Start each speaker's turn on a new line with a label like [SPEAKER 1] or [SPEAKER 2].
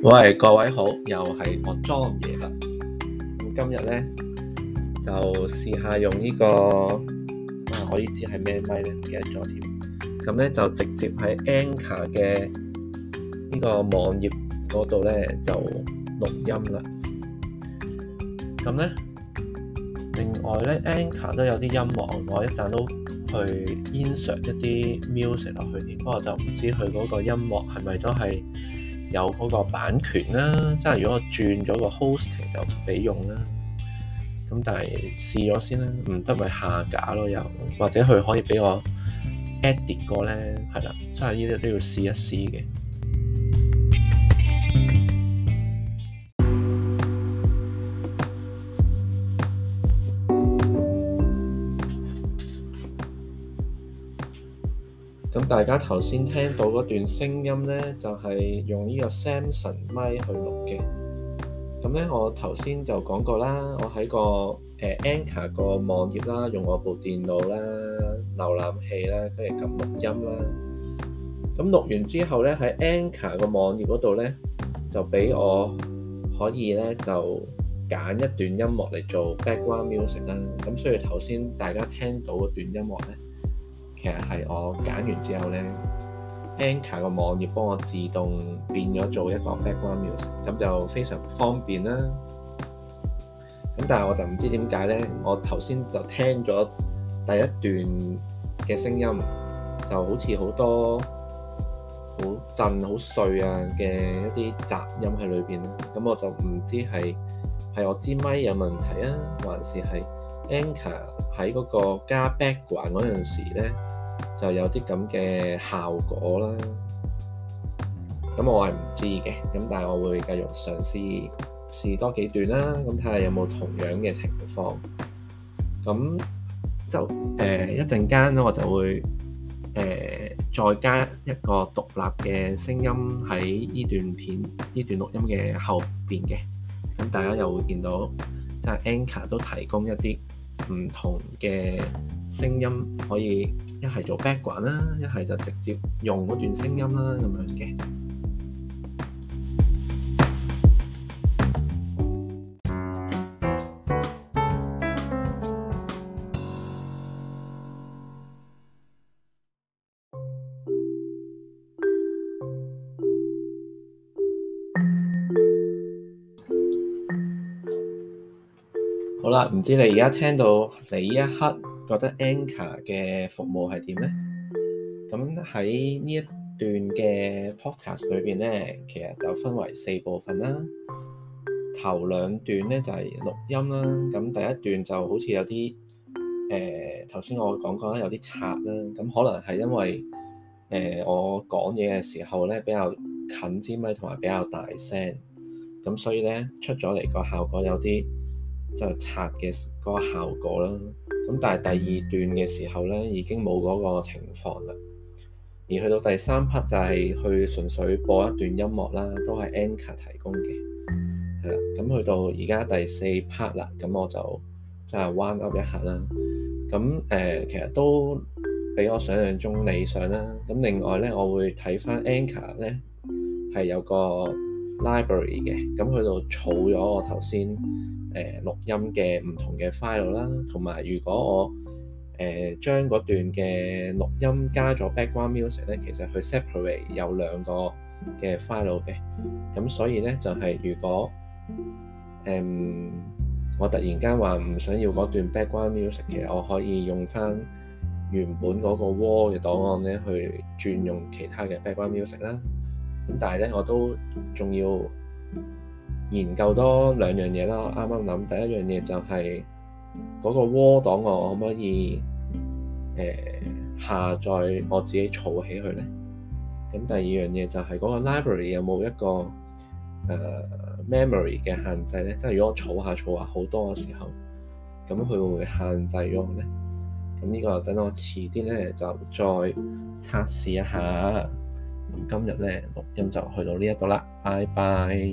[SPEAKER 1] 喂，各位好，又係我莊爺啦。今日咧就試下用呢個，我以知係咩咪咧，唔記得咗添。咁咧就直接喺 Anchor 嘅呢個網頁嗰度咧就錄音啦。咁咧另外咧 Anchor 都有啲音樂，我一陣都去 insert 一啲 music 落去添。我不過就唔知佢嗰個音樂係咪都係。有嗰個版權啦，即係如果我轉咗個 hosting 就唔俾用啦。咁但係試咗先啦，唔得咪下架囉。又或者佢可以俾我 edit 過呢，係啦，即係呢啲都要試一試嘅。咁大家頭先聽到嗰段聲音呢，就係用呢個 Samson 咪去錄嘅。咁呢，我頭先就講過啦，我喺個誒 Anchor 個網頁啦，用我部電腦啦、瀏覽器啦，跟住撳錄音啦。咁錄完之後呢，喺 Anchor 個網頁嗰度呢，就俾我可以呢就揀一段音樂嚟做 background music 啦。咁所以頭先大家聽到嗰段音樂呢。其實係我揀完之後咧，Anchor 個網頁幫我自動變咗做一個 background music，咁就非常方便啦。咁但係我就唔知點解咧，我頭先就聽咗第一段嘅聲音，就好似好多好震、好碎啊嘅一啲雜音喺裏邊啦。咁我就唔知係係我支咪有問題啊，還是係？Anchor 喺嗰個加 background 嗰陣時咧，就有啲咁嘅效果啦。咁我係唔知嘅，咁但係我會繼續嘗試試多幾段啦，咁睇下有冇同樣嘅情況。咁就誒一陣間咧，我就會誒再加一個獨立嘅聲音喺呢段片、呢段錄音嘅後邊嘅。咁大家又會見到，即係 Anchor 都提供一啲。唔同嘅聲音可以一係做 background 啦，一係就直接用嗰段聲音啦，咁樣嘅。好啦，唔知你而家聽到你呢一刻覺得 Anchor 嘅服務係點呢？咁喺呢一段嘅 Podcast 裏邊呢，其實就分為四部分啦。頭兩段呢就係、是、錄音啦。咁第一段就好似有啲誒頭先我講過啦，有啲刷啦。咁可能係因為誒、呃、我講嘢嘅時候呢比較近支咪，同埋比較大聲，咁所以呢出咗嚟個效果有啲。就拆嘅嗰個效果啦，咁但係第二段嘅時候呢，已經冇嗰個情況啦。而去到第三 part，就係去純粹播一段音樂啦，都係 Anchor 提供嘅，係啦。咁去到而家第四 part 啦，咁我就即係彎 up 一下啦。咁誒、呃，其實都比我想象中理想啦。咁另外呢，我會睇翻 Anchor 呢，咧係有個。library 嘅，咁佢度儲咗我頭先誒錄音嘅唔同嘅 file 啦，同埋如果我誒、呃、將嗰段嘅錄音加咗 background music 咧，其實佢 separate 有兩個嘅 file 嘅，咁所以咧就係、是、如果誒、呃、我突然間話唔想要嗰段 background music，其實我可以用翻原本嗰個 wall 嘅檔案咧去轉用其他嘅 background music 啦。但係咧，我都仲要研究多兩樣嘢啦。啱啱諗第一樣嘢就係嗰個窩檔，我可唔可以誒、呃、下載我自己儲起佢咧？咁第二樣嘢就係嗰個 library 有冇一個誒 memory 嘅限制咧？即係如果我儲下儲下好多嘅時候，咁佢會唔會限制咗我咧？咁呢個等我遲啲咧就再測試一下。咁今日呢，錄音就去到呢一個啦，拜拜。